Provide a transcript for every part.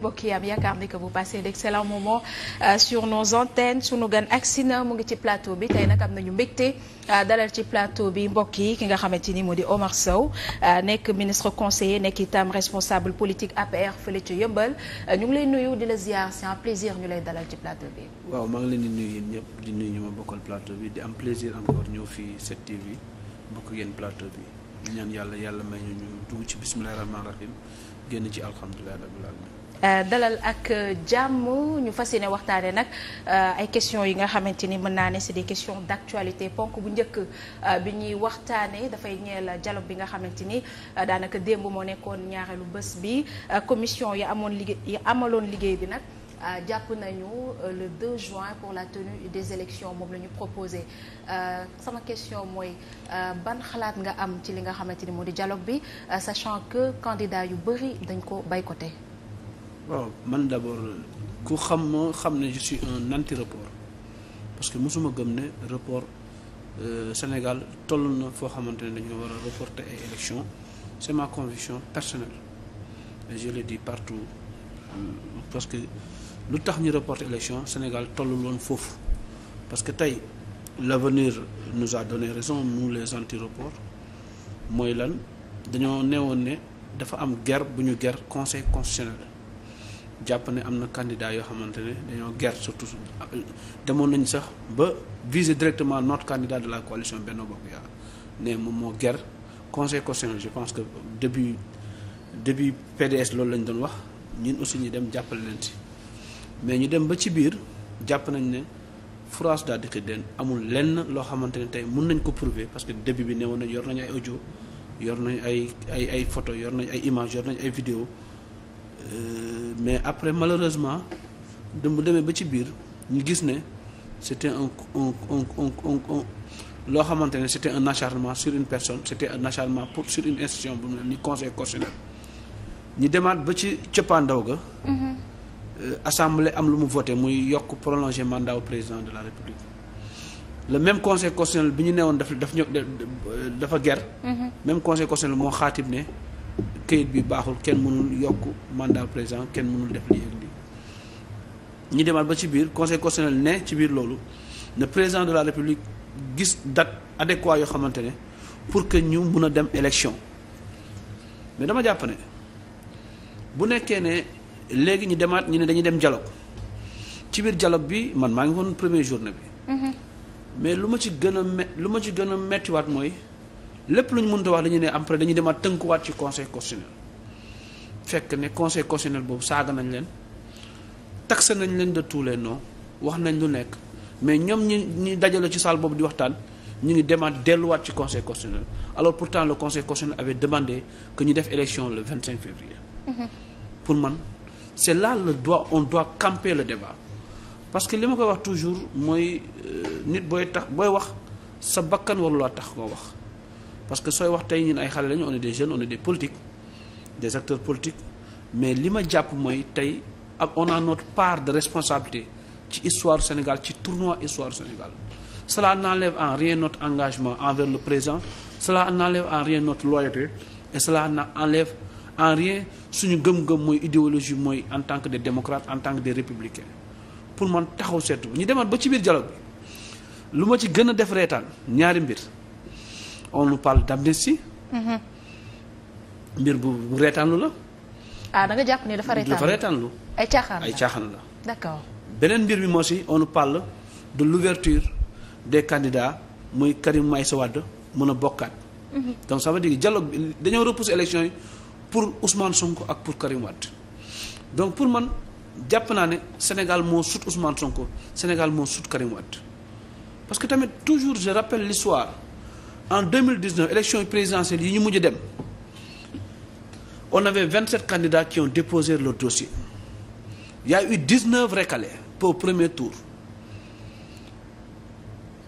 mbokk yi am yaakaar ni que vous passez d'excellents moments euh, sur nos antennes sunu gan agsi na mu ngi ci plateau bi tey nag am nañu mbégte euh, dalal ci plateau bi mbokk yi ki nga xamante ni moo di Omar Sow euh, nekk ministre conseiller nekk itam responsable politique APR fële ci yëmbal ñu ngi lay nuyu di la ziar c'est un plaisir ñu lay dalal ci plateau bi. waaw maa ngi leen di nuyu yéen ñëpp di nuyu ñu ma bokkal plateau bi di am plaisir encore ñëw fii 7TV bokk yéen plateau ñu ñu ci bismillaahi rahmaani rahiim génn ci alhamdulilah rabbil alamin Euh, dalal ak euh, jàmm ñu fas yéene waxtaane nag euh, ay questions yi nga xamante ni mën naa ne c'est des questions d'actualité ponk bu njëkk bi ñuy waxtaane dafay ñeel dialogue bi nga xamante ni daanaka démb moo nekkoon ñaareelu bés bi commission yi amoon liggéey amaloon liggéey bi nag jàpp nañu le 2 juin pour la tenue des élections moom la ñu proposé sama question mooy ban xalaat nga am ci li nga xamante ni moo di dialogue bi sachant que candidat yu bëri dañ ko boycotté waaw man d' abord ku xam moo xam ne je suis un report parce que mosuma gëm ne report euh, Sénégal toll na foo xamante ne dañoo war a reporter ay élections c' est ma conviction personnelle je le dis partout euh, parce que lu tax ñu reporter élection Sénégal tollu woon foofu parce que tey l' avenir nous a donné raison nous les anti report mooy lan dañoo neewoon ne dafa am guerre bu ñu guerre conseil constitutionnel. jàpp ne am na candidat yoo xamante ne dañoo guerre surtout demoon nañ sax ba viser directement notre candidat de la coalition Benno Bokk Yaakaar ne moom moo guerre conseil constitutionnel je pense que début début PDS loolu lañ doon wax ñun aussi ñu dem jàppale leen ci mais ñu dem ba ci biir jàpp nañ ne France daa dëkk den amul lenn loo xamante ne tey mun nañ ko prouver parce que début bi newoon nañ yor nañu ay audio yor nañ ay ay ay photo yor nañ ay image yor nañ ay vidéo Euh, mais après malheureusement mu demee ba ci biir ñu gis ne c'était un un un un un loo xamante ne c'était un acharnement sur une personne c'était un acharnement pour sur une institution bu mu ni conseil constitutionnel ñu demaat ba ci cëppaandaw ga mm-hmm. euh, assemblée am lu mu voté muy yokk prolonger mandat président de la république le même conseil constitutionnel bi ñu newoon daf daf ñu euh, dafa ger mm-hmm. même conseil constitutionnel moo xaatim ne këyit bi baaxul kenn mënul yokk mandat président kenn mënul def lii ak lii ñu demaat ba ci biir conseil constitutionnel ne ci biir loolu ne président de la république gis date adéquat yoo xamante ne pour que ñu mun a dem élection mais dama jàpp ne bu nekkee ne léegi ñu demaat ñu ne dañuy dem dialogue ci biir dialogue bi man maa ngi woon premier journée bi mm-hmm. mais lu ma ci gën a lu ma ci gën a mettiwaat mooy lépp lu ñu mënta wax dañu ne après dañuy demaat waat ci conseil constitutionnel fekk ne conseil constitutionnel boobu saaga nañ leen taxe nañ leen de tous les noms wax nañ lu nekk mais ñoom ñi ñi dajale ci salle boobu di waxtaan ñu ngi demaat delluwaat ci conseil constitutionnel pour pourtant le conseil constitutionnel avait demandé que ñu def élection le 25 février. Mmh. pour man c'est la le doit on doit camper le débat parce que li ma koy wax toujours mooy euh, nit booy tax booy wax sa bakkan warulaa tax koo wax. parce que sooy wax tey ñun ay xale lañu on est des jeunes on est des politiques des acteurs politiques mais li ma jàpp mooy tey ak on a notre part de responsabilité ci histoire Sénégal ci tournoi histoire Sénégal cela n'enlève en rien notre engagement envers le présent cela n'enlève en rien notre loyauté et cela n'enlève en rien suñu gëm-gëm mooy idéologie mooy en tant que des démocrates en tant que des républicains pour man taxaw seetlu ñu demaat ba ci biir dialogue lu ma ci gën a def reetaan ñaari mbir on nous parle d'amnistie. Mhm. mbir bu reetaanlu la. ah da nga jàpp ne dafa reetaanlu dafa ay caaxaan la ay caaxaan la. d'accord beneen mbir bi moo si on nous parle de l'ouverture des candidats muy Karim Meïssa Wade mën a bokkaat. Mhm. donc ça veut dire bi dañoo repousser élection yi pour Ousmane Sonko ak pour Karim Wade donc pour man jàpp naa ne Sénégal moo sut Ousmane Sonko Sénégal moo sut Karim Wade parce que tamit toujours je rappelle l'histoire en 2019 élection présidentielle yi ñu mujj dem on avait 27 candidats qui ont déposé leur dossier il y a eu 19 recalés pour premier tour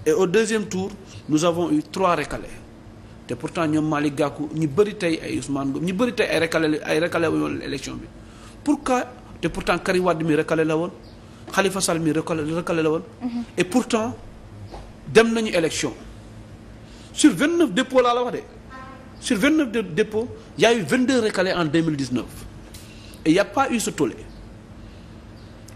et au deuxième tour nous avons eu trois recalés te pourtant ñoom Malick Gakou ñu bëri tey ay Ousmane Ngom ñu bëri tey ay recalé ay recalé woon élection bi pour pourquoi te pourtant Karim Wade mi recalé la woon xalifa Sall mi recalé recalé la woon. Mhm. et pourtant dem nañu élection. sur 29 dépôts laa la wax de sur 29 dépôts y a eu 22 recalés en 2019 et il y a pas eu ce tollé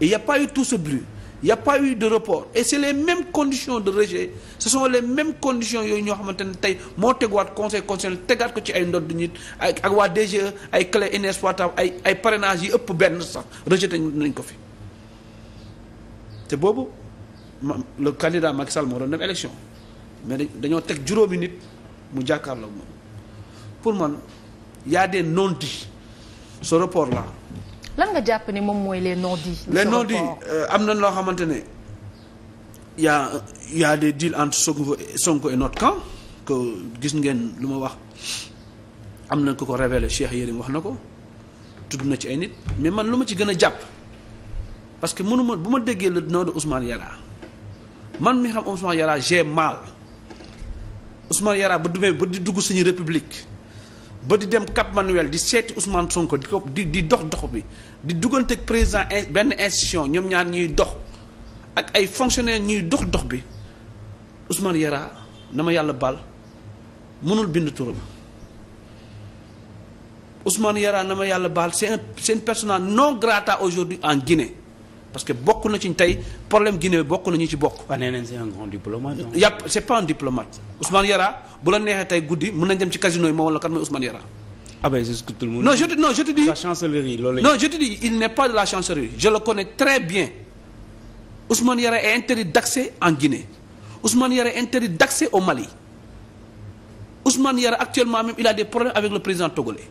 et il a pas eu tout ce bruit il a eu de report et c'est les mêmes conditions de rejet ce sont les mêmes conditions yooyu ñoo xamante ne tey moo teguwaat conseil conseil tegaat ko ci ay ndodd nit ay ak waa DGE ay clé inexploitable ay ay parrainage yi ëpp benn sax rejeté nañ ko fi te boobu le candidat Macky Sall moo doon dem mais dañoo teg juróomi nit mu jàkkaarloog moom pour man yaa a des non-dits ce report là. lan nga jàpp ni moom mooy les non-dits. les non-dits euh, am na loo xamante ne yaa yaa y a des deals entre Sonko Sonko et notre camp que gis ngeen lu ma wax am na ko ko révélé Cheikh Yérim wax na ko tudd na ci ay nit mais man lu ma ci gën a jàpp parce que mënu ma bu ma déggee la nom de Ousmane man mi xam Ousmane Yara j'ai mal. Ousmane yaraa ba dumee ba di dugg suñu république ba di dem Cap Manuel di seeti Ousmane Sonko di ko di dox dox bi di dugganteeg président benn institution ñoom ñaan ñuy dox ak ay fonctionnaires ñuy dox dox bi Ousmane Yara na ma yàlla baal mënul bind turam Ousmane Yara na ma yàlla baal c'est seen c'est une persona non grata aujourd'hui en Guinée parce que bokk na ci tey problème Guinée bokk na ñu ci bokk. waaw nee nañ c'est yàpp c'est pas un diplomate Ousmane Yara bu la neexee tey guddi mën nañ dem ci casino yi moom la kan mooy Ousmane Yara. ah ben c'est ce que tout le monde. non je te non interdit d'accès en Guinée Ousmane Yara est interdit d'accès au Mali Ousmane Yara actuellement même il a des problèmes avec le président togolais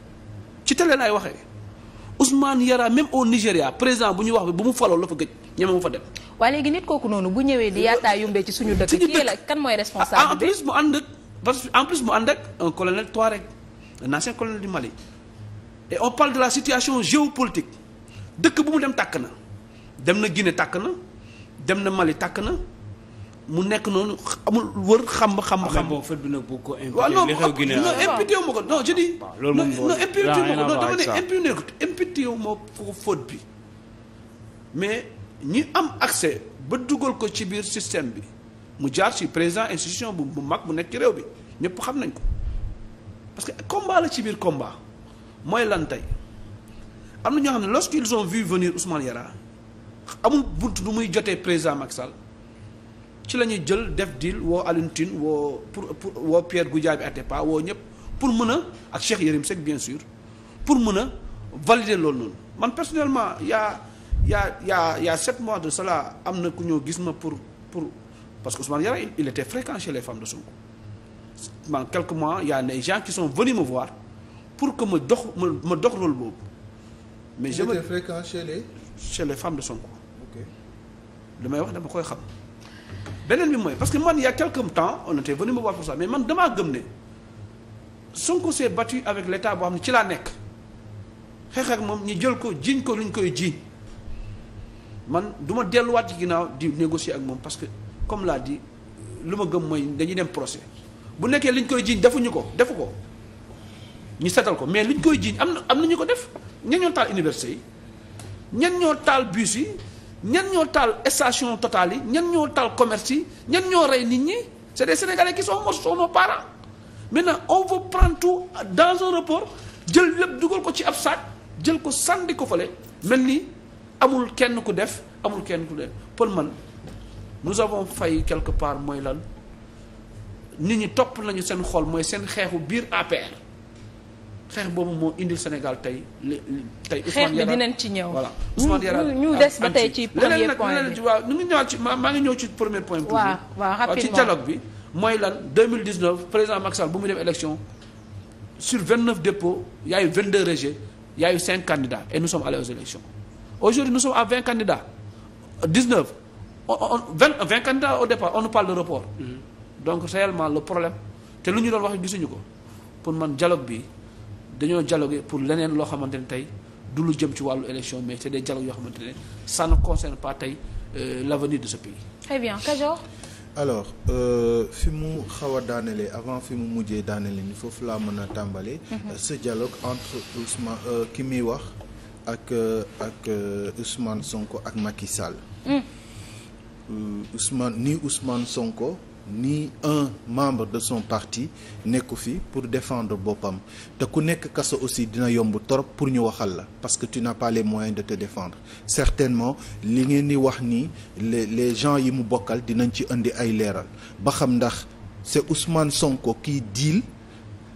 ci télé laay waxee. Ousmane Yara même au Nigéria président bu ñu wax bi bu mu faloo la fa gëj ñeme mu fa dem. waaye léegi nit kooku noonu bu ñëwee di yaataa yumbee ci suñu dëkk. kii la kan mooy responsable ah, en plus mu ànd ak parce que en plus mu ànd ak un colonel Touareg un ancien colonel du Mali. et on parle de la situation géopolitique dëkk bu mu dem tàkk na dem na Guinée tàkk na dem na Mali tàkk na. mu nekk noonu amul wër xam xam xam boobu fët bi nag bu ko imputé li xew Guinée non imputé wu ma ko non je dis non imputé wu ma ko non dama ne wu ma ko faute bi mais ñi am accès ba dugal ko ci biir système bi mu jaar ci président institution bu bu mag mu nekk ci réew bi ñëpp xam nañ ko parce que combat la ci biir combat mooy lan tey am na ñoo xam ne lorsqu'ils ont vu venir Ousmane Yara amul bunt du muy jotee président Macky ci la ñuy jël def deal woo Alioune woo pour pour woo Pierre Goudiaby Atepa woo ñëpp pour mën a ak Cheikh Yérim Seck bien sûr pour mën a valider loolu noonu man personnellement yaa yaa yaa yaa sept mois de cela am na ku ñëw gis ma pour pour parce que Ousmane Yara il était fréquent chez les femmes de Sonko man quelques mois yaa a des gens qui sont venus me voir pour que ma dox ma ma dox rôle boobu. mais je me il était fréquent chez les. de Sonko. ok may wax dama koy xam. beneen bi mooy parce que man il y a quelque temps on était venu me voir pour ça mais man damaa gëm ne Sonko s'est battu avec l'état boo xam ne ci laa nekk xeex ak moom ñi jël ko jiñ ko lu ñu koy jiñ man duma ma delluwaat ci ginnaaw di négocier ak moom parce que comme l'a di lu ma gëm mooy dañuy dem procès bu nekkee li ñu koy jiñ defuñu ko defu ko ñu setal ko mais li ñu koy jiiñ am na am na ñu ko def ñan ñoo taal université yi ñan ñoo taal bus ñan ñoo taal station Total yi ñan ñoo taal commerce yi ñan ñoo rey nit ñi c'est des Sénégalais qui sont morts sont nos parents maintenant on veut prendre tout dans un rapport jël lépp dugal ko ci ab sac jël ko sànni ko fale mel ni amul kenn ku def amul kenn ku def pour man nous avons failli quelque part mooy lan nit ñi topp nañu seen xol mooy seen xeexu biir APR. xeex boobu moo indil Sénégal tey li tey Ousmane Yara xeex bi dinañ ci ñëw. voilà Ousmane Yara ñu des ba tey ci premier point bi leneen nag waaw ñu ngi ngi ñëw ci premier point. toujours waaw ci dialogue bi. mooy lan 2019 président Macky Sall bu muy dem élection sur 29 dépôts y a eu 22 rejets y a eu 5 candidats et nous sommes allés aux élections aujourd'hui nous sommes à 20 candidats 19 on on 20 20 candidats au départ on nous parle de report. Mm-hmm. donc réellement le problème te lu ñu doon wax gisuñu ko pour man dialogue bi. dañoo dialoguer pour leneen loo xamante ne tey du lu jëm ci wàllu élection mais c'est des dialogues yoo xamante ne ça ne pas tey euh, l'avenir de ce pays. très bien alors euh, fi mu xaw a daanelee avant fi mu mujjee daanelee ni foofu laa mën a tàmbalee. Mhm. Euh, ce dialogue entre Ousmane ki muy wax ak ak Ousmane Sonko ak Macky Sall. Mm. ni Ousmane Sonko. ni un membre de son parti nekku fi pour défendre boppam te ku nekk kaso aussi dina yomb trop pour ñu waxal la parce que tu n'as pas les de te défendre certainement li ngeen di wax ni les les gens yi mu bokkal dinañ ci indi ay leeral ba xam ndax c'est Ousmane Sonko qui deal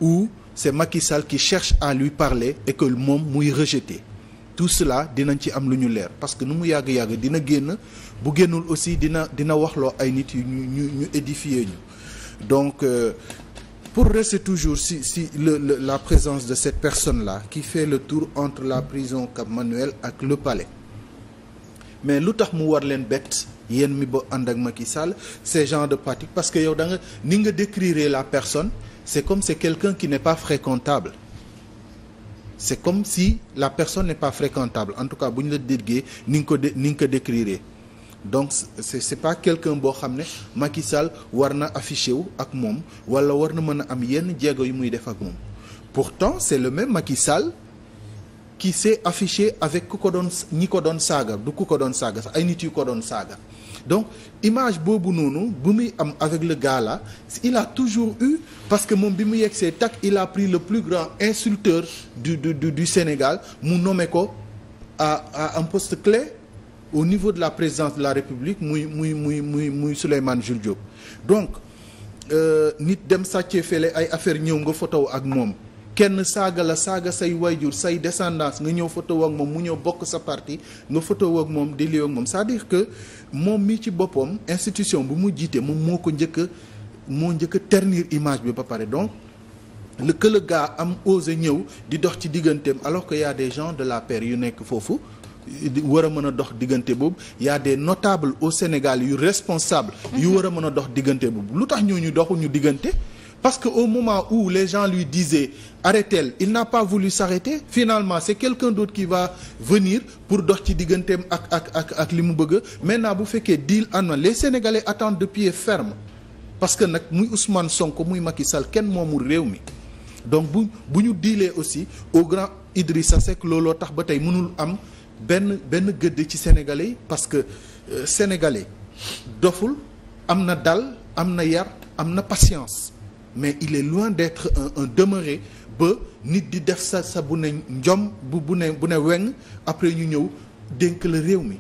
ou c'est Macky Sall qui cherche à lui parler et que moom muy rejeté tout cela dinañ ci am lu ñu leer parce que nu mu yàgg yàgg dina génn bu génnul aussi dina dina waxloo ay nit yu ñu ñu ñu édifier ñu donc euh, pour rester toujours si si le, le la présence de cette personne là qui fait le tour entre la prison Cap Manuel ak le palais mais lu tax mu war leen bett yéen mi ba ànd ak ki Sall ces genres de pratique parce que yow da nga ni nga décrire la personne c'est comme c'est quelqu'un qui n'est pas fréquentable c'est comme si la personne n'est pas fréquentable en tout cas bu ñu la déggee ni nga ko ni nga ko décrire donc c'est c'est pas quelqu'un boo xam ne Macky Sall war na affiché wu ak moom wala war na mën a am yenn jéego yu muy def ak moom pourtant c'est le même Macky Sall qui s'est affiché avec ku ko doon ñi ko doon saaga du ku ko doon saaga sax ay nit yu ko doon saaga donc image boobu noonu bu muy am avec le gars là il a toujours eu parce que moom bi mu yegg see takk il a pris le plus grand insulteur du du Sénégal mu nommé ko à à un poste clé au niveau de la présidence de la République muy muy muy muy muy Souleymane Jules Diop donc euh, nit dem sàccee fele ay affaire ñëw nga fotow ak moom. kenn saaga la saaga say wayjur say descendance nga ñëw photo ak moom mu ñëw bokk sa parti nga photo ak moom di lii moom c'est-à-dire que moom mii ci boppam institution bu mu jiitee moom moo ko njëkk moo njëkk a ternir image bi ba pare donc le que le am osé ñëw di dox ci digganteem alors que yaa a des gens de la paire yu nekk foofu war a mën a dox diggante boobu yaa a notable au Sénégal yu responsables yu mhm. war a mën a dox diggante boobu lu tax ñooñu doxuñu diggante Parce que au moment où les gens lui disaient arrêtez-le, il n'a pas voulu s'arrêter. Finalement, c'est quelqu'un d'autre qui va venir pour dox ci digganteem ak ak ak ak li mu bëgg. Maintenant bu fekkee deal am na les Sénégalais attendent de pied ferme parce que nag muy Ousmane sonk muy Macky sal kenn moomul réew mi. donc bu bu ñu diilee aussi au grand Idrissa Seck looloo tax ba tey mënul am benn benn gëdd ci sénégalais yi parce que euh, sénégalais doful am na dal am na yar am na patience mais il est loin d'être un, demeuré ba nit di def sa sa bu ne njom bu bu ne bu ne weng après ñu ñëw dénk la réew mi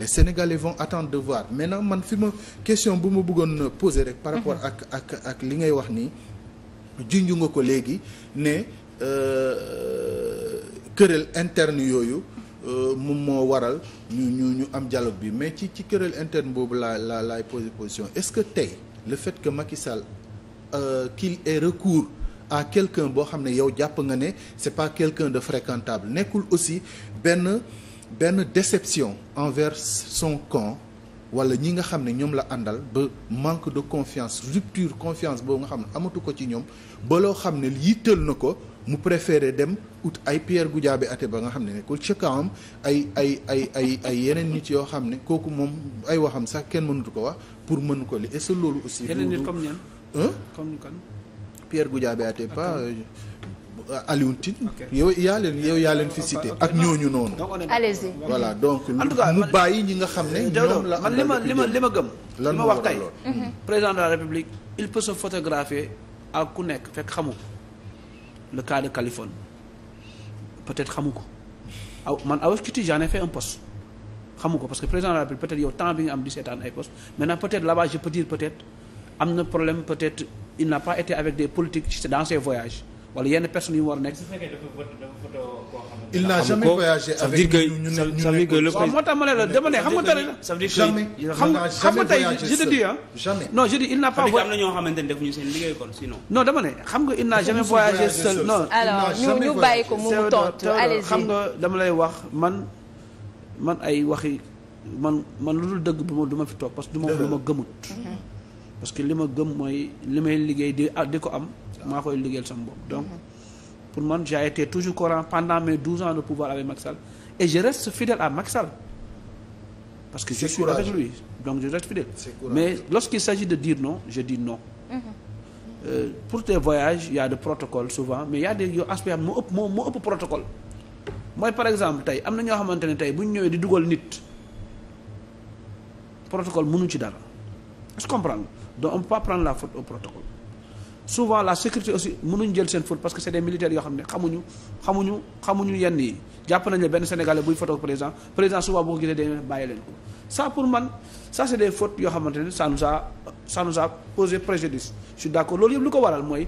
les Sénégalais vont attendre de voir maintenant man fi ma question bu ma bëggoon poser rek par rapport mhm. ak ak ak li ngay wax nii junju nga ko léegi ne euh, querelle interne yooyu euh, moom moo waral ñu ñu ñu am dialogue bi mais ci ci querelle interne boobu laa la laay poser position est-ce que tey le fait que Macky Sall euh, qu'il ait recours à quelqu'un boo xam ne yow jàpp nga ne c'est pas quelqu'un de fréquentable nekkul aussi benn benn déception envers son camp wala ñi nga xam ne ñoom la àndal ba manque de confiance rupture confiance boobu nga xam ne amatu ko ci ñoom ba loo xam ne yittal na ko mu préféré dem ut ay Pierre Goudiaby ba nga xam ne nekkul ci kawam ay ay ay ay ay yeneen nit yoo xam ne kooku moom ay waxam sax kenn mënatu ko wax pour mën ko li et loolu aussi. comme ñan comme kan. Pierre Goudiaby Atepa. Euh, Alioune Tine. yow yaa leen yow yaa leen fi cité ak ñooñu noonu. allez-y voilà donc. en tout cas mu bàyyi ñi nga xam ne. Euh, ñoom la man li ma li ma li ma lan ma wax tey mhm. président de la république il peut se photographier ak ku nekk fekk xamu le cas de Californie peut-être xamu ko aw man avec Kitty j'en ai fait un poste xamu ko parce que président de la république peut-être yow temps bi nga am di seetaan ay poste maintenant peut-être là-bas je peux am na problème peut-être il n'a pas été avec des politiques dans ses voyages wala yenn personnes yu mu war a nekk. su fekkee dafa il n'a ñu ne moo tax ma ne la dama xam nga tey. ça veut dire que xam te dis ah. jamais non il n'a pas. am na ñoo xamante ne defuñu seen liggéey kon sinon. non dama ne xam nga il n'a jamais voyagé seul non. ñu bàyyi ko mu tontu allez-y xam nga dama lay wax man man ay waxi man man lu dul dëgg bu ma du fi toog parce que du ma du ma gëmut. Mhm. parce que li ma gëm mooy li may liggéey di di ko am ah. maa koy liggéeyal sama bopp donc mhm. pour man j'ai été toujours coran pendant mes douze ans de pouvoir avec Macky Sall et je reste fidèle à Macky Sall parce que je suis courage. avec lui donc je reste fidèle mais lorsqu'il s'agit de dire non je di non mhm. euh, pour tes voyages il y a souvent mais il y a des yow aspect moo protocole mooy par exemple tey am na ñoo xamante ne tey bu ñu ñëwee di dugal nit protocole mënu ci dara donc on peut pas prendre la faute au protocole souvent la sécurité aussi mënuñ jël seen faute parce que c'est des militaires yoo xam ne xamuñu xamuñu xamuñu yenn yi jàpp nañ ne benn sénégalais buy photo président président souvent bu ko gisee day bàyyi leen ko ça pour man ça c'est des fautes yoo xamante ne ça nous a ça nous a posé d'accord loolu yëpp lu ko waral mooy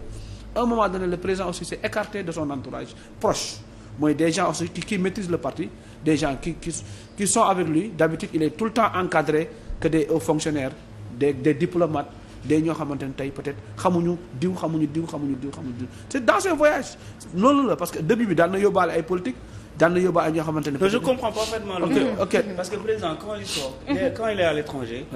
à un moment donné le président aussi s'est écarté de son entourage proche mooy des gens aussi qui le parti des gens qui qui qui sont avec lui le temps encadré que des des des diplomates des ñoo xamante ne tey peut-être xamuñu diw xamuñu diw xamuñu diw xamuñu diw c'est dans ce voyage loolu la parce que début bi daan na yóbbaale ay politique daan na yóbbaale ñoo xamante ne. je ok ok parce que président quand il sort. quand il est à l'étranger.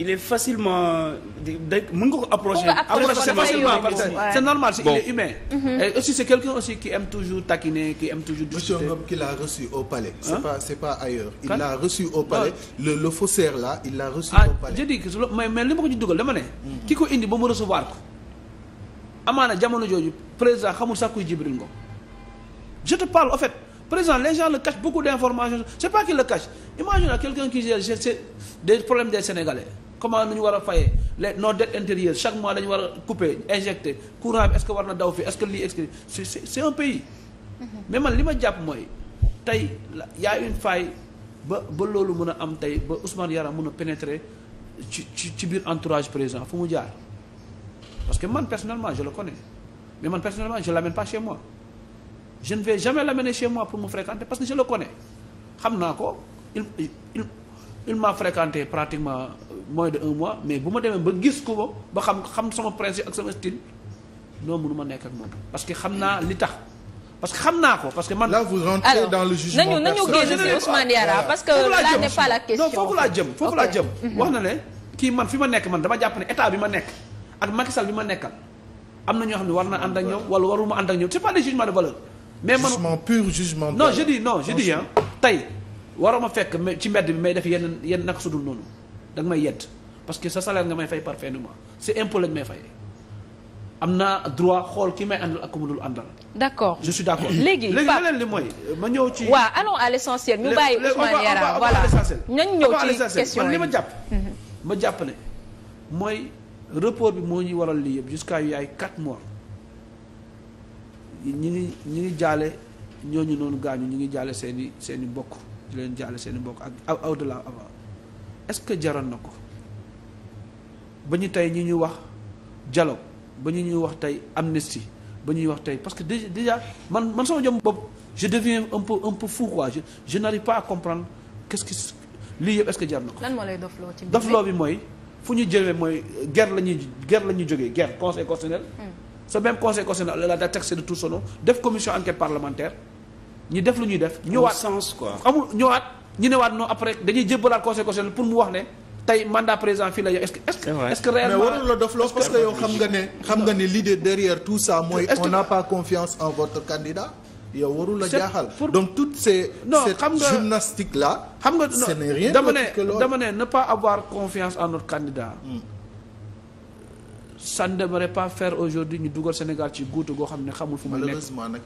il est facilement mën nga ko approcher. approcher facilement parce que c'est normal c'est il est humain. Mhm. aussi c'est quelqu'un aussi qui aime toujours taquiner qui aime toujours. discuter Ngom qui l'a reçu au palais. c'est pas c'est il l'a reçu au palais le le faussaire là il l'a reçu ah, au palais. je dis que mais mais li ma ko ci dugal dama ne. ki ko indi ba mu recevoir ko. amaana jamono jooju président xamul sax kuy Djibril Ngom je te parle en fait. Président, les gens le cachent beaucoup des problèmes comment nañu war a fayee les nos dettes intérieures chaque mois dañu war a couper injecter courant bi est-ce que war na daw fi est-ce que c'est un pays mm-hmm. mais man li ma jàpp mooy tey y'a une faille ba ba loolu mën a am tey ba Ousmane Yara mën a pénétrer ci ci ci biir entourage président fu mu jaar parce que man personnellement je le connais mais man personnellement je l'amène pas chez moi je ne vais jamais l'amener chez moi pour me fréquenter parce que je le connais xam naa ko il il pratiquement mooy de un mois mais bu ma demee ba gis ko ba ba xam xam sama principe ak sama style non ma nekk ak moom parce que xam naa li tax parce que xam naa ko parce que man. là vous rentrez Alors, dans le jugement nañu nañu génn ci Ousmane Diarra parce que foofu laa jëm foofu laa jëm. Mhm. wax na ne kii man fi ma nekk man dama jàpp ne état bi ma nekk ak Macky bi ma nekkal am na ñoo xam ne war na ànd ak ñoom wala waruma ànd ak ñoom c'est pas des jugements de valeur. mais man jugement pur jugement. non je dis non je dis ah tey waruma fekk ci mbedd bi may def yenn yenn naka su dul da may yedd parce que sa salaire nga may fay par fin ma mois si lañ may fay am na droit xool ki may àndal ak ku mu dul àndal. d'accord je suis d'accord. léegi Pape léegi li mooy ma ñëw ci. waaw allons à l'essentiel ñu bàyyi Ousmane Yara voilà ñëw ci question man li ma jàpp. Mhm. ma jàpp ne mooy report bi moo ñuy waral lii yëpp jusqu'à yu ay 4 mois ñi ngi ñi ngi jaale ñoo ñu noonu gaañu ñi ngi jaale seen seeni mbokk leen jaale seeni i mbokk ak au delà est-ce que jaral na ko ba ñu tey ñu ñuy wax dialogue ba ñu ñuy wax tey amnistie ba ñuy wax tey parce que déjà man man sama jom bopp je deviens un peu un peu fou quoi je je n'arrive pas à comprendre quest que lii yëpp est-ce que jar na ko. lan dofloo ci dofloo bi mooy fu ñu jëlee mooy ger la ñuy guerre la ñuy jógee guerre conseil constitutionnel. Hmm. ce même conseil constitutionnel la daa taxé de tout son nom def commission enquête parlementaire ñu def lu ñuy def. ñëwaat sens quoi amul ñëwaat. ñu newaat non après dañuy jébbalaat conseil constitutionnel pour mu wax ne tey mandat président fii la yow est-ce que est-ce que réellement mais warul la dof loo parce que yow xam nga ne xam nga ne l'idée derrière tout ça mooy on n'a pas confiance en votre xam nga gymnastique là xam nga ce n'est rien dama ne dama ne ne pas avoir confiance en notre candidat hmm. ça ne pas faire aujourd'hui ñu dugal Sénégal ci guutu goo xam ne xamul fu ma nekk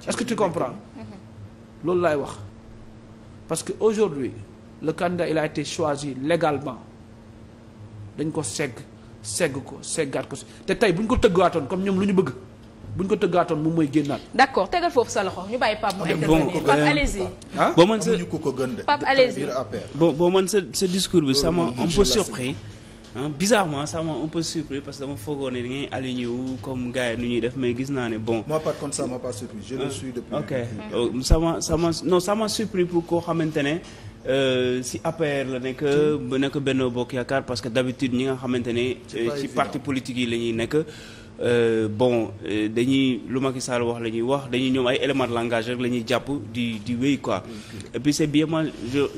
est-ce que tu comprends loolu laay wax parce que aujourd'hui le candidat il a été choisi légalement dañ ko segg segg ko seggaat ko te tey buñ ko tëggaatoon comme ñoom lu ñu bëgg bu ko tëggaatoon moom mooy génnaat. d'accord tegal foofu sa loxo ñu bàyyi Pape mu ah, intervenir Pape allez-y. boo mën sa Pape allez-y boo boo mën sa discours bi ça m'a bizarrement ça m'a un peu surpris parce que dama foogoo ne da ngay aligné comme gars yi ñuy def mais gis naa ne bon. moi par m'a pas surpris je le suis depuis. ok oh, pour koo xamante ne. Euh, si APR la nekk ba nekk Benno Bokk Yaakaar parce que d'habitude ñi nga xamante ne euh, ci parti politique yi la ñuy nekk euh, bon dañuy lu Macky Sall wax la ñuy wax dañuy ñoom ay éléments de rek la ñuy jàpp di di wéy quoi et c'est bien moi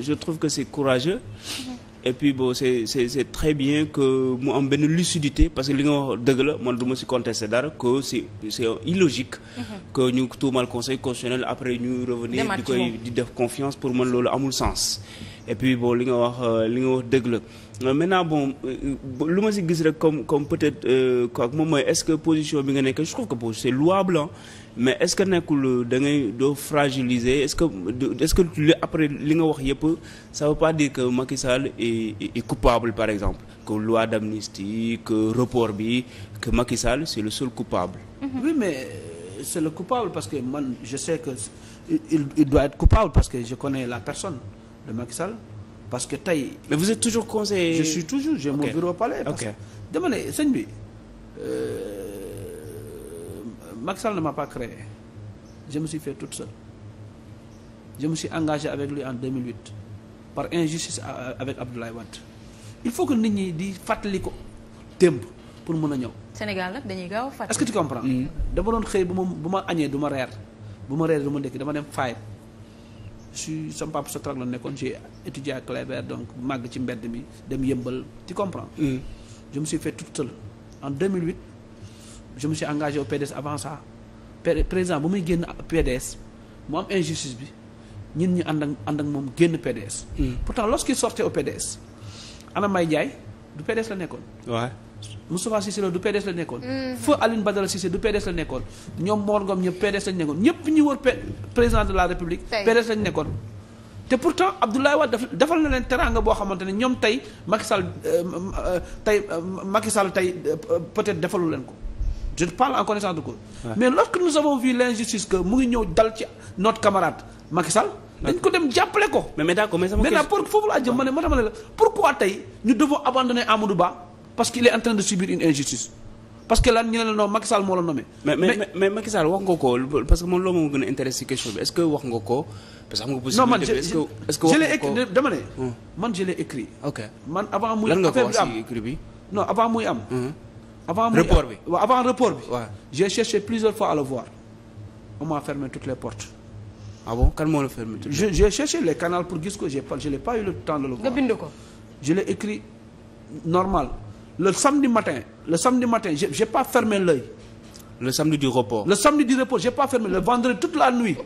je trouve que c'est courageux mhm. et puis boo c'est c'est c'est très bien que mu am benn lucidité parce que li nga wax dëgg la man du ma si contester dara que c'est c'est illogique mm-hmm. que ñu tuumal conseil constitutionnel après ñu revenir di koy di def confiance pour man loolu amul sens et puis bon li nga wax euh, li nga wax dëgg la euh, maintenant bon euh, lu ma si gis rek comme comme peut-être quoi moom mooy est-ce que position bi nga nekk je trouve que bon c'est louable mais est-ce que nekkul euh, da ngay doo fragiliser est-ce que est-ce que après li nga wax yëpp ça veut pas dire que Macky est, coupable par exemple que loi d'amnistie que report bi que Macky c'est le seul coupable. Mm-hmm. oui mais euh, c'est le coupable parce que man je sais que il il doit être coupable parce que je connais la personne de Macky parce que tey. mais vous êtes toujours conseiller. je suis toujours j'ai okay. bi. Euh, Macky Sall ne m'a pas créé je me suis fait toute seule je me suis engagé avec lui en 2008 par injustice avec Abdoulaye Wade il faut que nit ñi di fàttali ko démb pour mën a ñëw. Sénégal nag dañuy gaaw a fàttali. est mm. dama doon xëy bu ma bu ma añee du ma reer bu ma reer du ma ndékki dama dem faay su sama papa sa track la nekkoon si étudié à Clébert donc màgg ci mbedd mi dem yëmbal di comprends. Mm. je me suis fait toute seule en je me suis engagé au PDS avant ça président bu muy génn PDS mu am injustice bi ñun ñu ànd ak ànd ak moom génn PDS. pourtant lorsqu'il sortait au PDS Anna May Ndiaye du PDS la nekkoon. waaw Moustapha Cissé Lo du PDS la nekkoon. feu Aline Badara Cissé du PDS la nekkoon. ñoom Mor Ngom ñëpp PDS lañ nekkoon ñëpp ñu wër président de la République. PDS lañ nekkoon. te pourtant Abdoulaye Wade defal na leen teraanga boo xamante ne ñoom tey Macky Sall tey Macky Sall tey peut-être defalu leen ko. je parle en connaissance de cause mais lorsque nous avons vu l'injustice que mu ngi ñëw dal ci notre camarade Macky Sall ko dem jàppale ko mais mais d'accord mais sama pour foofu tey ñu devons abandonner Amadou Ba parce qu'il est en de subir injustice parce que lan ñu la non Macky moo la nommé. mais mais mais Macky Sall wax nga ko parce que man loo ma gën a intéressé ci question bi est-ce que wax nga ko. parce que xam nga avant report bi oui, bi. Ouais. j'ai cherché plusieurs fois à le voir on m'a fermé toutes les portes. Ah j'ai cherché les canaux pour gis ko j'ai pas je n'ai pas eu le temps de le voir. je l'ai écrit normal le samedi matin le samedi matin j'ai pas fermé l'œil. le samedi du report. le samedi du report j'ai pas fermé le vendredi toute la nuit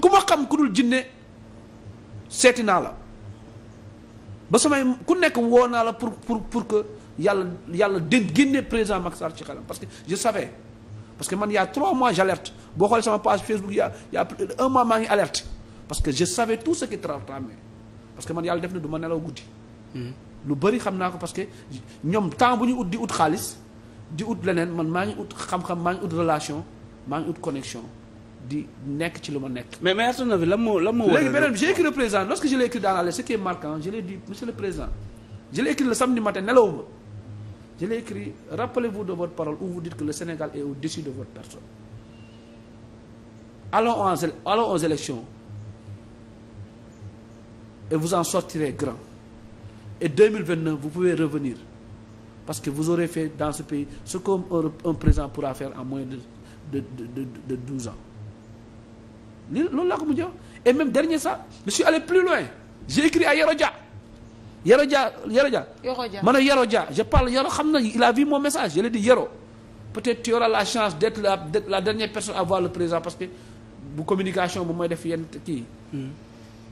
ku ma xam ku dul jinne seeti naa la ba samay nekk woo la pour que. yàlla yàlla dé génne président Macky Sall ci xelam parce que je savais parce que man y' a trois mois j' alerte boo xoolee sama page Facebook y' a un mois maa ngi alerte parce que je savais tout ce qui tramait parce que man yàlla def na du ma nelaw guddi. Hmm. lu bëri xam naa ko parce que ñoom temps bu ñu ut di ut xaalis di ut leneen man maa ngi ut xam-xam maa ngi ut relation maa ngi ut connexion. di nekk ci lu ma nekk. mais mais Arsène Wi lan moo lan moo. la je l'ai écrit rappelez-vous de votre parole ou vous dites que le Sénégal est au-dessus de votre personne allons en allons et vous en sortirez grand et vous pouvez revenir parce que vous aurez fait dans ce pays ce qu'un président pourra faire en moins de de de de douze ans li loolu laa ko mujjee dernier ça je suis plus loin j'ai écrit à Yoro Yoro Dia Yoro Dia. Yoro Dia ma ne Yoro Dia je Yoro xam na la a moo message je lui ai dit Yoro peut-être tu auras la chance d'être la la dernière personne à voir le président parce que bu communication bu may def yenn kii. Hmm.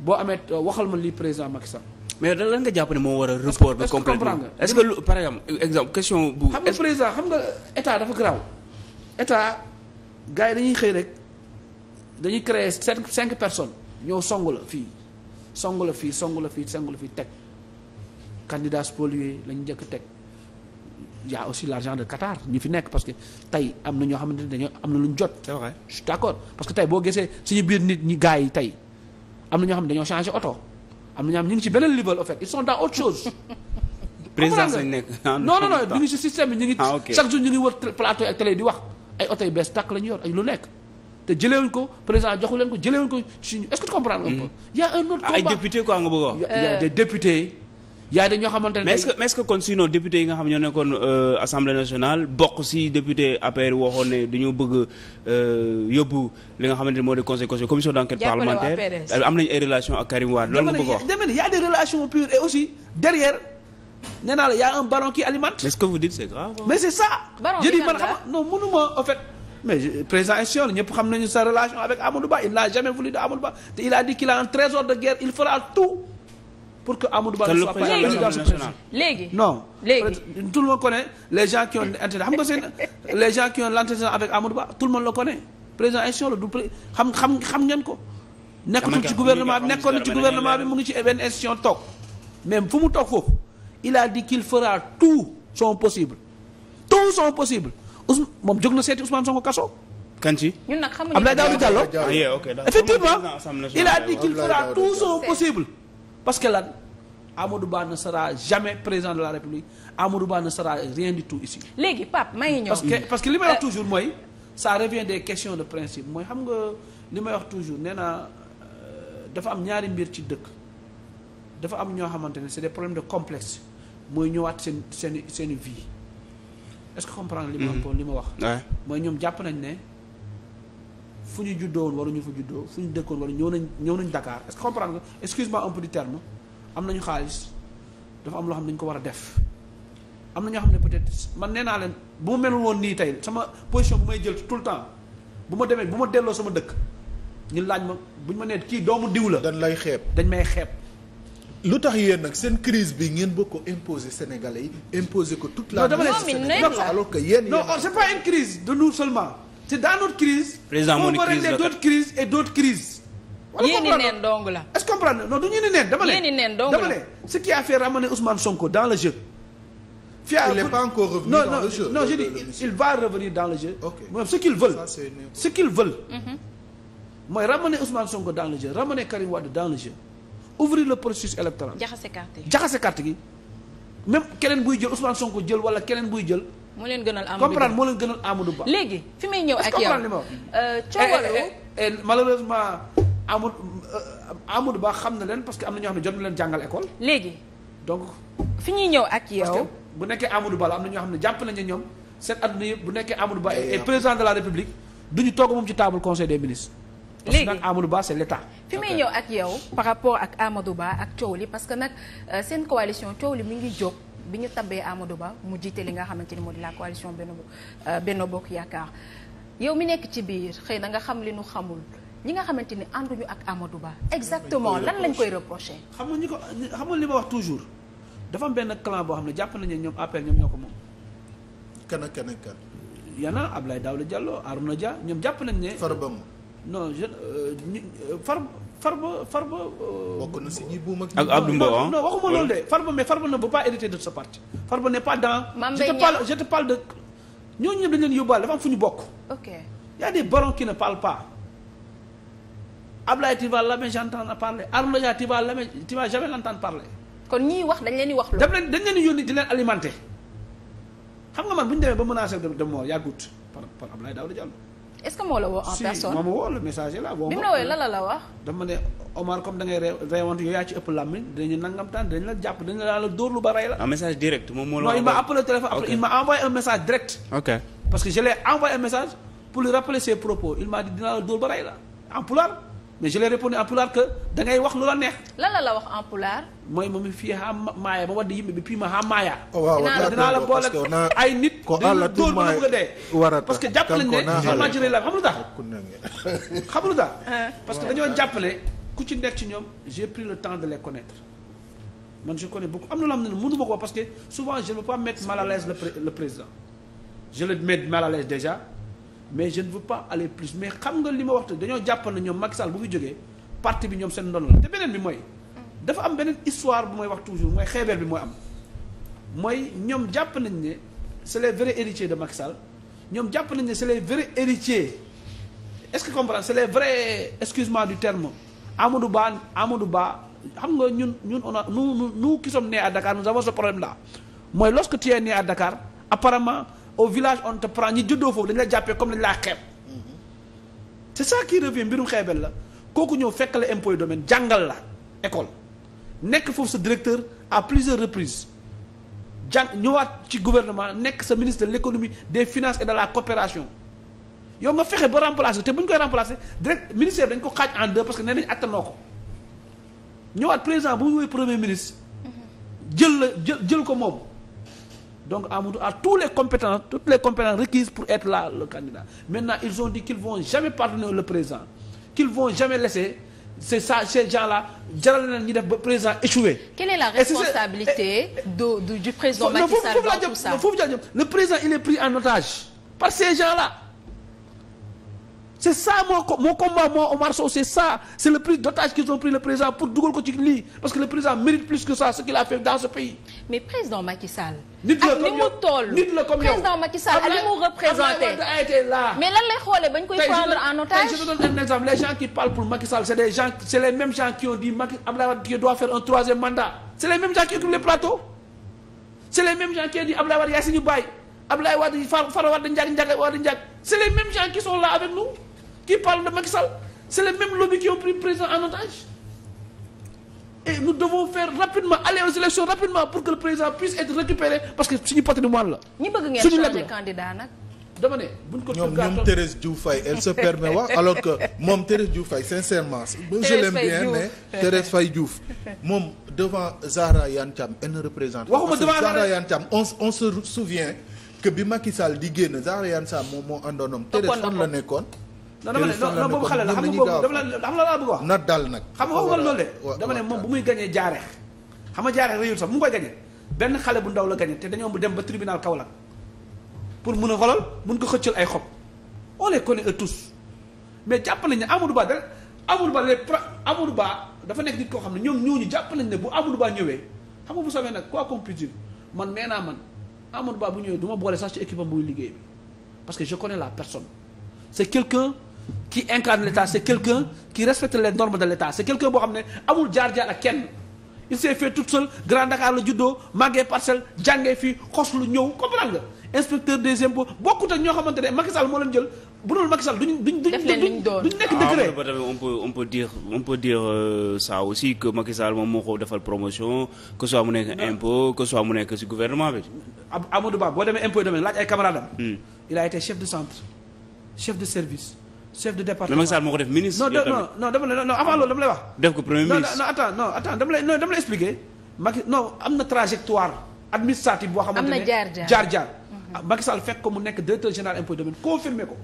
boo amee euh, waxal ma lii président Macky Sall. mais lan nga jàpp ne moo war a report bi complètement est-ce que lu par exemple exemple question bu. xam nga président xam nga état dafa garaaw état gars yi dañuy xëy rek dañuy créer cinq cinq personnes ñëw song la fii song la fii song la fii song la fii teg. candidats spoliés lañu njëkk teg y a aussi l'argent de Qatar ñu fi nekk parce que tey am na ñoo xamante ne dañoo am na ñu jot. c'est vrai am na ñoo xam ne dañoo changé oto am na ñoo xam ñu ñu ngi ci système bi ñu ngi. Ah, chaque jour ñu ngi wër plateau ak télé di wax ay oto yu bees tàkk la yor ay lu nekk. te jëlewuñ ko président joxu ko jëlewuñ ko suñu est-ce que tu comprends un peu. Mm. y a un autre ah, combat ay député quoi nga bëgg a wax. y euh. yaa dañoo xamante ne mais est-ce que est-ce que kon député yi nga xam ñoo nekkoon euh, assemblée nationale bokk si député APR waxoon ne dañoo bëgg euh, yóbbu li nga xamante ne moo de conseil conseil commission d'enquête parlementaire euh, am nañ ay relation ak Karim Wade loolu nga ne y a des relations pures et aussi derrière nee la y un baron qui alimente mais c'est ça je man xam non nañu sa relation avec Amadou il n'a jamais voulu de Amadou te il a dit qu'il a un trésor de guerre il fera tout pour que Amadou Ba ne léegi non tout le monde connaît les gens qui ont intérêt xam nga seen les Ba tout le monde la connaît président institution la du xam xam xam ngeen ko nekkatul ci gouvernement bi nekkoon na ci gouvernement bi mu ngi ci benn institution toog même fu mu toog foofu il a dit qu'il fera tout son possible tout son possible Ousmane moom jóg na seeti Ousmane Sonko kaso kan ci ñun nag xamuñu Abdoulaye ah, effectivement il a dit qu'il fera tout parce que lan Amadou Ba ne sera jamais président de la République Amadou Ba ne sera rien du tout ici. léegi Pape maa ngi parce que parce que li may wax euh, toujours mooy ça revient des questions de principe mooy xam nga li may wax toujours nee na euh, dafa am ñaari mbir ci dëkk dafa am ñoo xamante ne c'est des problèmes de complexe mooy ñëwaat seen seen seen vie est-ce que comprendre li ma mm-hmm. li ma wax. mooy ñoom jàpp nañ ne. fu ñu juddoo woon ñu fa juddoo fu ñu dëkkoon waruñu ñëw nañ ñëw nañ Dakar est-ce que comprendre nga excuse-moi un peu du terme am nañu xaalis dafa am loo xam ne dañu ko war a def am na xam ne peut-être man nee naa leen bu ma melul woon nii tey sama position bu may jël tout le temps bu ma demee bu ma delloo sama dëkk ñu laaj ma buñ ñu ma nee kii doomu diw la. dañ lay xeeb dañ may xeeb. lu tax yéen nag seen crise bi ngeen bëgg ko imposer Sénégalais yi ko tout la. non dama leen alors que yéen non c'est pas une crise de nous te dans notre crise. président moo ne crise la on va régler d'autres crises et d'autres crises. wala neen dong la. est-ce comprendre non du ñu ni neen dama ne. yéen i neen dong ne ce qui a fait ramener Ousmane Sonko dans le jeu. Fiat, il n'est pas encore revenu non, dans le jeu. Non, je dis il va revenir dans le jeu. Okay. Moi, ce qu'ils veulent. Ça, c'est une... Ce qu'ils veulent. Mm-hmm. mooy ramener Ousmane Sonko dans le jeu, ramener Karim Ouvrir le processus électoral. jaxase carte gi. jaxase même keneen buy jël Ousmane Sonko jël wala keneen buy jël. moo leen gënal Amadou Ba comprendre moo leen gënal Amadou Ba. léegi fi may ñëw ak yow euh, coowalu eh, eh, eh, malheureusement Amadou euh, Amadou Ba xam na leen parce que am na ñoo ne jot na leen léegi donc. fi ñuy ñëw ak yow bu nekkee Amadou Ba la am na ñoo xam ne jàpp nañu ñoom seen adduna yëpp bu nekkee Amadou Ba est président de la République du ñu toog moom ci table conseil des ministres. léegi parce que nag Amadou c'est l'État. fi may ñëw ak yow par rapport ak Amadou Ba ak coow li parce que nag euh, seen coalition coow li mi ngi jóg. bi ñu tabbee Amadou Ba mu jiitee li nga xamante ni moo di la coalition Benno euh, Benno Bokk Yaakaar yow mi nekk ci biir xëy na nga xam li nu xamul ñi nga xamante ni ànduñu ak Amadou Ba. exactement lan lañ koy reproché. xam nga ñi ko xam nga li ma wax toujours dafa am benn clan boo xam ne jàpp nañ ne ñoom APR ñoom ñoo ko moom. kan ak kan ak ab yana Abdoulaye Daouda Diallo Arouna ja ñoom jàpp nañu ne. Farba non je euh, euh, Farba. Farba Farba. Euh, bokk na si ñi buum ak Abdou Mbow non ah. waxuma loolu de Farba mais Farba ne veut pas hériter de ce parti. Farba n'est pas dans. je te parle je te parle de. ñooñu ñëpp dañ leen yóbbaale dafa am fu ñu bokk. ok y a des barons qui ne parlent pas. Ablaye tu vas jamais l'entendre parler Arouna Dia tu vas jamais tu vas jamais l'entendre parler. kon ñiy wax dañ leen di wax. dañ leen dañ leen di yónni di leen alimenter xam nga man bu ñu demee ba menacé de de mort yàggut par par Ablaye Daouda Diallo. est-ce que moo la woo en personne si ma woo la message la boo ma. bi la la la wax. dama ne Omar comme da ngay re reewante ci ëpp làmmiñ dinañu nangam taan dinañ la jàpp dinañ la la dóor lu ba rey la. un message direct moom moo la. non il m'a appelé téléphone il m'a envoyé un message direct. ok parce que je l'ai envoyé message pour lui rappeler ses propos il m'a dit dinaa la dóor ba rey la en pulaar. mais je l'ai répondu en pulaar que da ngay wax lu la neex. lan la la wax en pulaar. mooy moom fii xam maaya ma waddi yimɓe ɓe piima ha maaya oh, dinaa la boole ay nit dinañ dóor ba bëgg a dee parce que jàppale ne chômage la xam lu tax xam lu tax ah. parce que dañoo jàppale ku ci nekk ci ñoom j'ai pris le temps de les connaître man je connais beaucoup am na la xam ne mënu ma ko parce que souvent je ne veux pas mettre mal le président je le mets mal à mais je ne veux pas aller plus mais xam nga li ma wax te dañoo jàppal na ñoom Macky bu fi jógee parti bi ñoom seen ndono la te beneen bi mooy. dafa am beneen histoire bu mooy wax toujours mooy xeebeel bi mooy am mooy ñoom jàpp nañ ne c'est les vrais héritiers de Macky ñoom jàpp nañ ne c'est les vrais héritiers est-ce que comprendre c'est les vrais excuse-moi du terme Amadou Ba Amadou Ba xam nga ñun ñun on a nous nous nous qui sommes nés à Dakar nous avons ce problème là mooy lorsque tu es né au village on te prend ñi juddoo foofu dañu la jàppee comme dañu laa xeeb. c'est ça qui mbirum xeebel la kooku ñëw fekk la impôt domaine jàngal la école nekk foofu sa directeur à plusieurs reprises jàng ñëwaat ci gouvernement nekk sa ministre de l'économie des finances et de la coopération. yow nga fexe ba remplacer te bu koy remplacer direct ministère dañ ko xaaj en deux parce que nee nañ attanoo ko ñëwaat président bu muy premier ministre. jël la jël jël ko moom. donc Amadou tous les compétences toutes pour être là le candidat maintenant ils ont dit qu'ils vont jamais pardonner le président qu'ils vont jamais laisser c'est ces gens-là jaral na ñu def ba président échoué. quelle est la responsabilité du du président Macky Sall dans tout ça le président il est pris en otage par ces gens-là. c'est ça moo ko moo combat moo Omar Sow c'est ça c'est le prise d'otage qu'ils ont pris le président pour dugal ko ci lii parce que le président mérite plus a fait dans ce pays. mais président Macky Sall. ak nit la comme yow président Macky Sall ak li mu représenté mais lan lay xoolee bañ koy prendre en otage. tey je te donne un exemple les gens qui parlent pour Macky Sall c'est des gens c'est les mêmes gens qui ont dit Macky Abdoulaye Wade qui doit faire un troisième mandat c'est les mêmes gens qui occupent qui parle de Macky Sall c'est les mêmes lobbies qui ont président en otage et nous devons faire rapidement aller aux élections rapidement pour que le président puisse être récupéré parce que suñu patrimoine la. ñi bëgg ngeen changer candidat que moom Thérèse Diouf Faye sincèrement. je l'aime bien mais Thérèse Faye Diouf moom devant Zahra Iyane Thiam elle ne di génn Zahra Iyane Thiam moom moo la nekkoon. non boobu xale la xam nga la xam la laa bëgg wax na dal nag xam nga waxugal loolu de dama ne moom bu muy gañee jaareex xam nga jaareex réyul sax mu ngi koy gañee benn xale bu ndaw la gañee te dañoo dem ba tribunal Kaolack pour mun a xolal mun ko xëccal ay xob on les connaît tous mais jàpp nañ ne da Amadou Ba les pro Amadou Ba dafa nekk koo xam ne ñoom ñooñu jàpp nañ ne bu Amadou Ba ñëwee xam nga bu soobee nag quoi qu'on puisse man nee naa man Amadou Ba bu ñëwee du ma boole sax ci équipe am buy liggéey bi parce que je connais la personne c'est quelqu'un qui incarne l'État c'est quelqu'un qui respecte les normes de l'État c'est quelqu'un boo xam ne amul jaar-jaar ak kenn il s'est fait tout seul Grand Dakar la juddoo màggee parcelle jàngee fii lu ñëw comprendre nga inspecteur des impôts bokkut ak ñoo xamante ne Macky Sall moo leen jël bu dul Macky Sall duñ duñ duñ duñ nekk décret ah, on peut on peut dire on peut dire euh, ça aussi que Macky Sall moom moo ko defal promotion que soit mu nekk impôt que soit mu nekk ci gouvernement bi Amadou Ba boo demee impôt domaine ay camarades am hmm. a chef de centre chef de service chef de département mais Macky Sall moo ko def ministre. non non non dama lay non avant loolu dama lay wax. def ko premier ministre non non attends non dama lay non dama mhm. ah, fekk ko mu nekk directeur général impôt confirmé ko.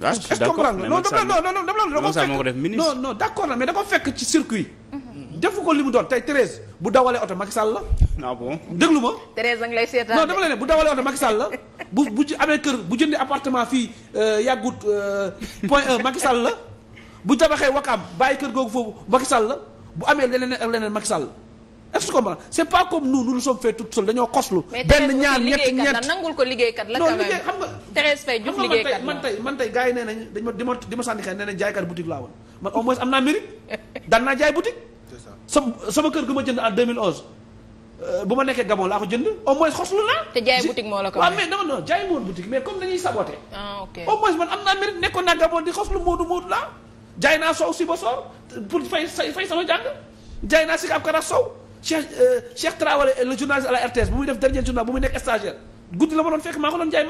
waaw ah, d'accord mais Macky Sall non non non na mais da ko fekk ci circuit. Mhm. defu ko li mu doon tey Thérèse bu dawalee oto Macky Sall la. ah bon déglu ma. Thérèse da nga lay seetaan non dama la ne bu dawalee oto Macky Sall la bu bu amee kër bu jëndee appartement fii euh, yàggut euh, point 1 Macky Sall la bu tabaxee wakaam bàyyi kër googu foofu Macky Sall la bu amee leneen ak leneen Macky Sall est-ce que c'est pas comme nous nous nous sommes fait tout seul dañoo xoslu. benn ñaar ñett ñett nangul ko liggéeykat la. non liggéey xam nga Thérèse Faye man tey man tey gars yi nee nañ dañ ma di ma sànni xel nee nañ jaaykat boutique laa woon man au am naa mérite daan naa jaay boutique sama sama kër gu ma jënd en 2011 euh, bu ma nekkee Gabon laa ko jënd au moins xoslu naa. te jaay boutique moo la ko waaw mais non non jaay moon boutique mais comme dañuy saboté. ah moins man am naa mérite nekkoon naa Gabon di xoslu Moodu Moodu laa jaay naa soow si ba soow pour fay fay sama jàng jaay naa si ab kara soow Cheikh euh, Cheikh Traoré le journaliste à la RTS bu muy def dernier journal bu muy nekk stagiaire guddi la ma doon fekk maa ko doon jaay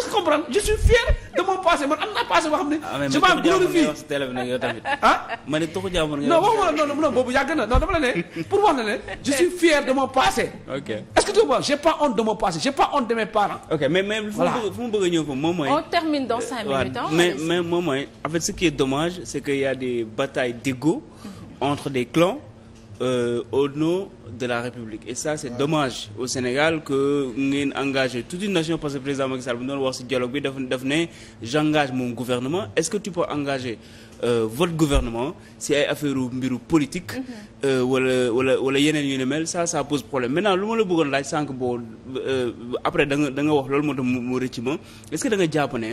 est-ce comprendre je suis fier de mon passé man am naa passé boo xam ne. Ah, je m'en glorifie ah? ah ma ne tuxu jàmbur nga non waxuma la non non boobu yàgg na non dama la ne pour wax la ne je suis fier de mon passé. ok est j'ai pas honte de mon passé j'ai pas honte de mes parents. ok mais mais fu mu bëgg a ñëw ko moom on termine dans cinq minutes. mais mais moom mooy ce qui est dommage c'est que y a des batailles d'ego entre des clans. euh, au nom de la République et ça c'est dommage au Sénégal que ngeen engagé toute une nation parce que président Macky Sall bu doon wax ci dialogue bi daf daf ne j'engage mon gouvernement est-ce que tu peux engager Euh, votre gouvernement si ay affaire mbiru politique. Mhm. Euh, wala wala wala yeneen yu ne mel ça ça pose problème maintenant lu ma la bëggoon laaj sànq boo euh, après da nga da nga wax loolu moo tax mu rëcc ma est-ce que da nga jàpp ne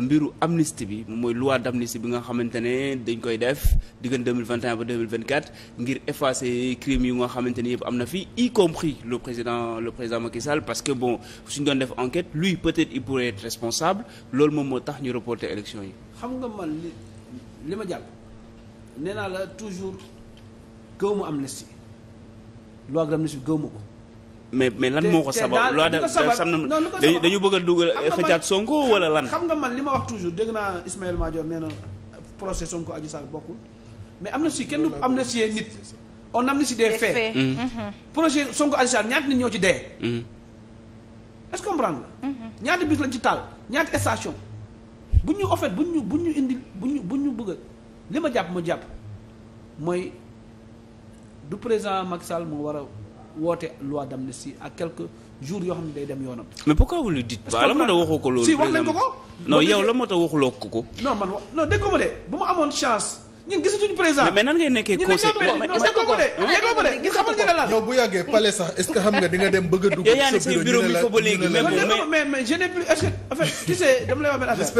mbiru amnistie bi mooy loi d'amnistie bi nga xamante ne dañ koy def diggante 2021 ba 2024 ngir effacer crimes yu nga xamante ne yëpp am na fi y compris le président le président Macky Sall parce que bon suñ doon def enquête lui peut-être il pourrait être responsable loolu moom moo tax ñu reporter élection yi. li ma jàpp nee naa la toujours gëw ma amnistie loi de l'amnistie gëw ma ko. mais mais lan moo ko sabab loi de sam na dañu bëgg a dugal xëcaat Sonko wala lan. xam nga man li ma wax toujours dégg naa Ismaël Madior nee na procès Sonko Adji Sarr bokkul mais amnistie kenn du amnistie nit on amnistie des faits. Mm-hmm. Mm-hmm. projet Sonko Adji Sarr ñaata nit ñoo ci dee. Mm-hmm. est-ce que ci taal ñaata station. bu ñu en bu ñu bu ñu indi bu ñu bu ñu bëgg li ma jàpp ma jàpp mooy du présent Macky Sall moo war a woote loi d'amnistie à quelques jours yoo xam ne day dem yoonam. mais pourquoi vous lui dites pas la moo tax waxoo ko loolu. si wax nañ ko ko. yow la moo tax waxuloo ko ko. non man wax non dégg ma de bu ma amoon chance. ñun gisatuñu président mais nan ngay nekkee conseil gis nga ko de yow bu yàggee palais sax est-ce nga di nga dem a dugg. sa bureau bi fa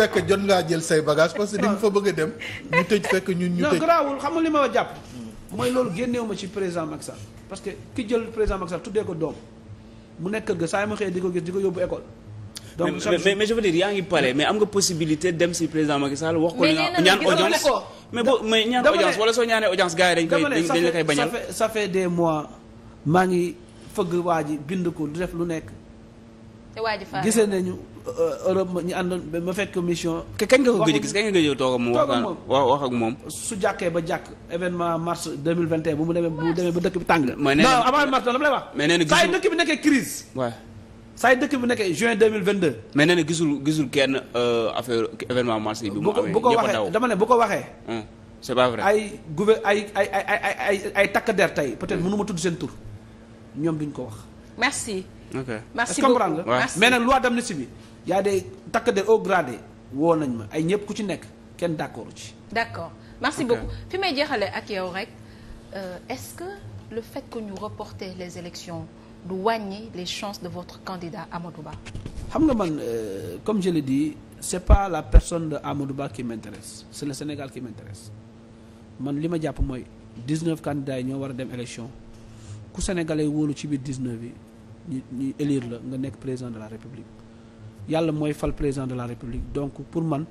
que en fait jël say bagages parce que fa bëgg a dem ñu tëj fekk ñun ñu tëj. non garaawul xam li ma jàpp. mooy loolu génneewu ci président Macky Sall parce que ki jël président Macky Sall tuddee ko doom mu nekk ga saa yi ma xëyee di ko gis di ko yóbbu école donc mais mais je yaa ngi pare mais am nga possibilité dem si président Macky Sall wax ko. ñaan audience mais boo mais ñaan audience wala yi dañ mois maa ngi fëgg waa ji bind ko du def lu nekk. te waa ji faale gisee nañu euh, Europe ñu àndoon ma fekk mission. kañ nga ko gëj gis kañ nga gëj a toog ak moom wax ak moom. su jàkkee ba jàkk événement mars 2021 bu mu demee bu demee ba dëkk bi tàng. mooy nee avant mars la wax. mais nee na gisul saa yu dëkk bi saa yu dëkk bi nekkee juin 2022. mais nee na gisul gisul kenn euh, affaire événement Marseille bi. mu amee bu ko waxee dama ne bu ko waxee. c'est pas ay gouver ay ay ay ay ay takk der tey peut-être hmm. mënu ma tudd seen tur ñoom ñu ko wax. merci. ok merci beaucoup comprendre nga. mais nag loi d'amnistie takk der haut woo nañ ma ay ñëpp ku ci nekk kenn d'accord ci. d'accord merci beaucoup fi may jeexalee ak yow rek euh, est-ce que le fait que ñu reporter les élections du wàññi les chances de votre candidat Amadou Ba. xam nga man euh, comme je l'ai di c'est pas la personne de Amadou Ba qui m'intéresse c'est le Sénégal qui m'intéresse man li ma jàpp mooy 19 candidats yi ñoo war a dem élection ku sénégalais wóolu ci biir 19 yi ñu ñu élire la nga nekk président de la République yàlla mooy fal président de la République donc pour man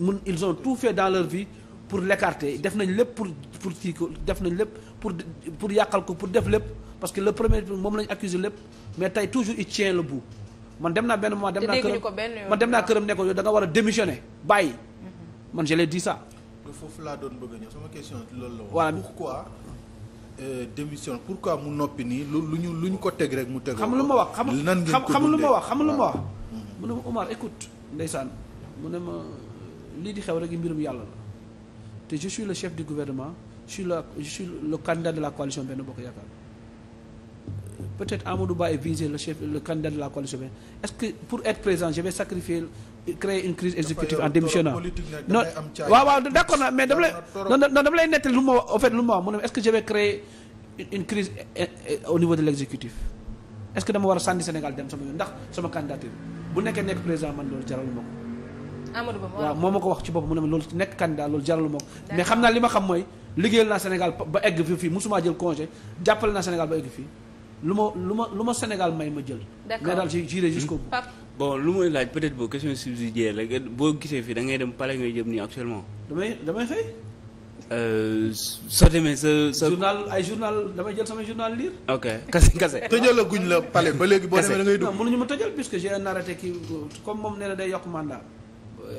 mun ils ont tout fait dans leur vie. pour l'écarter def nañ lépp pour pour kii ko def nañ lépp pour pour yàqal ko pour def lépp parce que le premier moom lañ accuser lépp mais tey toujours il tient le bout man dem naa benn moment dem naa këram man dem naa këram ne ko yow da war a démissionner bàyyi mhm. man je l'ai dit ça. foofu laa doon bëgg a ñëw sama question loolu la. voilà pourquoi euh, démission pourquoi mu noppi nii lu lu ñu lu ñu ko teg rek mu teg. xam lu ma wax xam xam lu ma wax xam lu ma wax. mu ne ma Omar écoute ndeysaan mu ne ma lii di xew rek mbirum yàlla la. te je suis le chef du gouvernement je suis la je suis le candidat de la coalition Benno Bokk Yaakaar peut-être Amadou Ba est visé le chef le candidat de la coalition Benno est-ce que pour être présent je vais sacrifier créer une crise exécutive en démissionnant non waaw waaw d'accord na mais dama lay non non lay nettali lu ma en lu ma wax mu ne est-ce que je vais créer une crise eh, eh, au niveau de l'exécutif est-ce que dama war a sànni Sénégal dem sama yoon ndax sama candidature bu nekk président man loolu jaral ma Amadou Ba moo ma ko wax ci bopp mu ne ma loolu nekk candidat loolu jaralu ma ko mais xam naa li ma xam mooy liggéeyal naa Sénégal ba egg fi fii musuma jël congé jàppale naa Sénégal ba egg fii lu ma lu ma lu Sénégal may ma jël mais daal j'irai jusqu'au bout bon lu mooy laaj peut-être boo question subsidiaire la boo gisee fii da dem pale ngay jëm nii actuellement damay damay xëy euh, soo demee sa sa. journal ay journal damay jël samay journal lire. ok kase kase. tëjal la guñ la pale ba léegi boo demee da ngay dugg. mënuñu ma tëjal puisque j'ai un arrêté qui comme moom nee na day yokk mandat.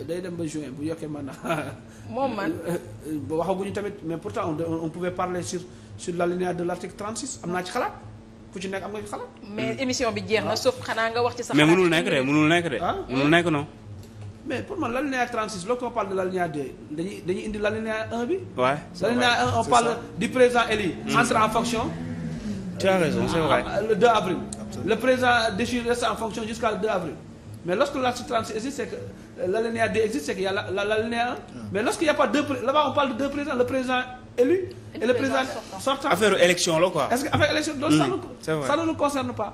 day dem ba juin bu yokkee man moom man waxaguñu tamit mais pourtant on pouvait parler sur sur l'alinéa de l'article 36 am naa ci xalaat ku ci nekk am nga ci xalaat. mais émission bi jeex na ah. sauf xanaa nga wax ci sa. xalaat mais mënul nekk de mënul nekk de. Ah, mënul nekk non. Ah. mais pour man l'alinéa 36 lorsqu'on parle de l'alinéa 2 dañuy dañuy indi l'alinéa 1 bi. waaw l'alinéa 1 on parle du président élu. Mm. entre en fonction. tu as raison c'est vrai. le 2 avril. le président déchu Mais lorsque l'article 36 existe, c'est que euh, l'alinéa 2 existe, c'est qu'il y a l'alinéa 1. Ah. Mais lorsqu'il n'y a pas de deux le président élu et, le président sortant. Affaire élection là Est-ce que affaire élection donc, mmh. nous, ça pas.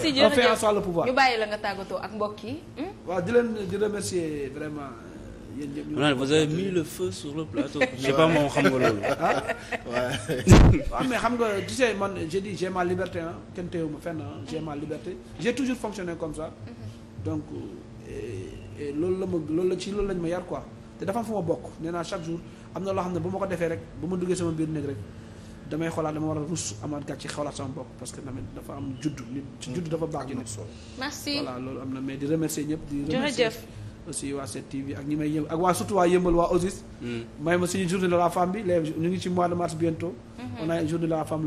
merci jërëjëf on fait ensemble bàyyi la nga tàggatoo ak mbokk yi. Hmm? waaw di leen di remercier vraiment. Euh, yéen vous avez mis le feu sur le plateau. je sais pas moom xam nga loolu. ah waaw ah, mais xam nga tu man j'ai dit j'ai ma liberté ah kenn teewuma fenn ah j'ai ma liberté j'ai toujours fonctionné comme ça. Mm-hmm. donc euh, loolu la ma loolu la ci loolu lañ ma yar quoi te dafa am fu ma bokk nee naa chaque jour am na loo xam ne bu ma ko defee rek bu ma duggee sama biir néeg rek. damay xoolaat dama war a rus amaat gàcce xoolaat sama bopp parce que tamit dafa am juddu nit juddu dafa baax ci nit merci voilà loolu am na mais di remercier ñëpp di remercier aussi waa 7TV ak ñi may yëngu ak waa surtout waa yëmbal waa OSIS mm. may ma suñu journée de la femme bi léegi ñu ngi ci mois de mars bientôt mm-hmm. on a une journée de la femme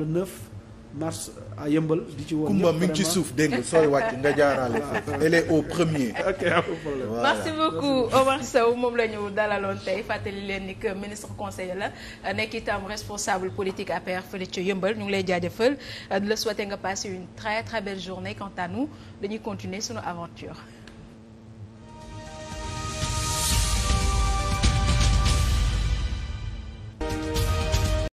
mars à yëmbal di ci woon. Kumba mi ngi ci suuf dégg nga sooy wàcc nga jaaraale. elle est au premier. ok amul problème. Voilà. merci beaucoup moom la dalaloon tey fàttali leen ni que ministre conseiller la nekk itam responsable politique APR fële ci yëmbal ñu ngi lay jaajëfal euh, di la souhaiter nga passer une très très belle journée quant à nous dañuy continuer sunu aventure.